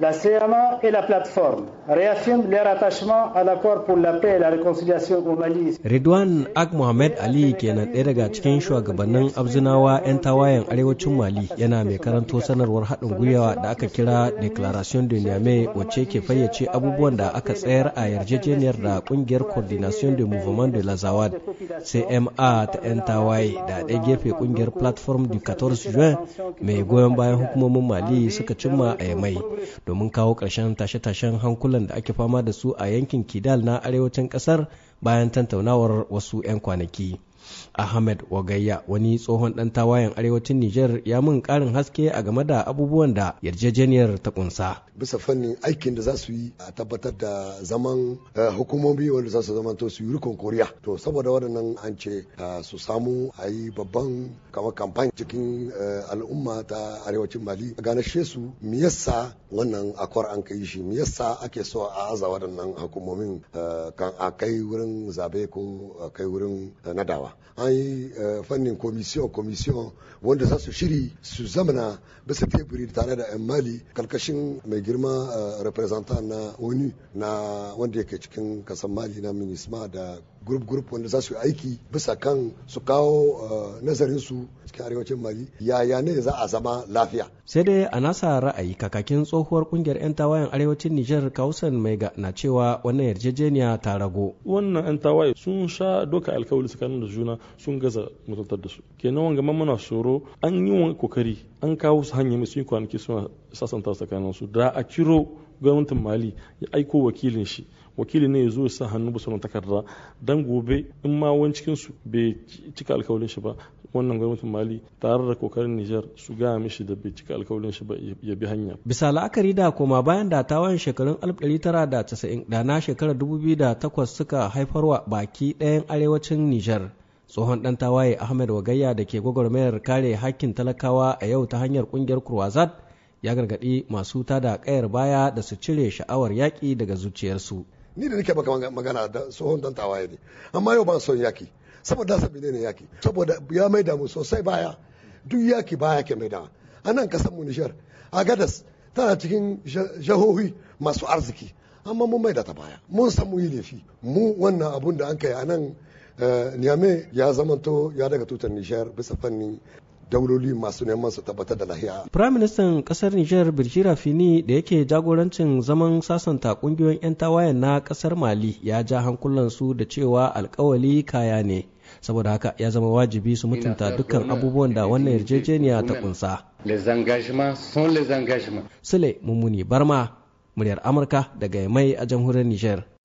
la CMA et la plateforme réaffirment leur attachement à l'accord pour la paix et la réconciliation au Mali. Ag Mohamed Ali kenan ɗaya daga cikin shugabannin abzinawa 'yan tawayen arewacin Mali yana mai karanto sanarwar haɗin gwiwa da aka kira Declaration de Niamey wacce ke fayyace abubuwan da aka tsayar a yarjejeniyar da ƙungiyar Coordination de Mouvement de la Zawad CMA ta 'yan tawaye da ɗaya gefe ƙungiyar Platform du 14 Juin mai goyon bayan hukumomin Mali suka cimma a Yamai. domin kawo ƙarshen tashe-tashen hankulan da ake fama da su a yankin kidal na arewacin ƙasar bayan tantaunawar wasu 'yan kwanaki. Ahmed Wagayya wani tsohon ɗan tawayen arewacin niger ya mun karin haske a game da abubuwan da yarjejeniyar ta kunsa. Bisa fannin aikin da za su yi a tabbatar da zaman eh, hukumomi wanda za su zama to su yi rikon koriya. To saboda waɗannan an ce eh, su samu a yi babban kama kamfani cikin eh, al'umma ta arewacin Mali. a Ganashe su me yasa wannan akwar an kai shi me ake so a aza waɗannan hukumomin kan a kai wurin zabe ko a kai wurin nadawa. an yi eh, fannin komisiyon komisiyon wanda za su shiri su zamana bisa teburi tare da yan mali karkashin mai girma eh, representant na onu na wanda yake cikin kasan mali na minisma da group grup wanda za su yi aiki bisa kan su kawo eh, nazarin su cikin arewacin mali yaya ne za a zama lafiya sai dai a nasa ra'ayi kakakin tsohuwar kungiyar 'yan tawayen arewacin niger kausan mai ga na cewa wannan yarjejeniya ta rago wannan 'yan tawaye sun sha doka alkawali tsakanin da juna sun gaza mutuntar da su kenan wanga muna tsoro an yi wani kokari an kawo su hanyar mai sun kwanaki suna sasanta tsakanin su da a kiro gwamnatin mali ya aiko wakilin shi wakili ne ya zo ya sa hannu su wannan takarda dan gobe in ma wani cikin bai cika alkawalin shi ba wannan gwamnatin mali tare da kokarin nijar su gaya mishi da bai cika alkawalin shi ba ya bi hanya bisa la'akari da koma bayan da tawayen shekarun 1990 da na shekarar 2008 suka haifarwa baki ɗayan arewacin nijar tsohon ɗan tawaye ahmed wagayya da ke gwagwarmayar kare hakkin talakawa a yau ta hanyar ƙungiyar kurwazat ya gargaɗi masu tada kayar baya da su cire sha'awar yaƙi daga zuciyarsu ni da nake maka magana da tsohon dan tawaye ne amma yau ban son yaki saboda sabi ne yaki saboda ya maida mu sosai baya duk yaki baya ke maida a nan kasan mu Nijar gadas tana cikin jahohi masu arziki amma mun maida ta baya mun san mu yi laifi mu wannan abun da an kai a nan eh, niyame ya zamanto ya daga tutar Nijar bisa fanni. dauloli masu neman su tabbatar da lahiya. Firaministan ƙasar Nijar Birjira Fini da yake jagorancin zaman sasanta ƙungiyoyin 'yan tawayen na kasar Mali ya ja hankulan su da cewa alkawali kaya ne. Saboda haka ya zama wajibi su mutunta dukkan abubuwan da wannan yarjejeniya ta kunsa. Sule Mummuni Barma, muryar Amurka daga mai a jamhuriyar niger.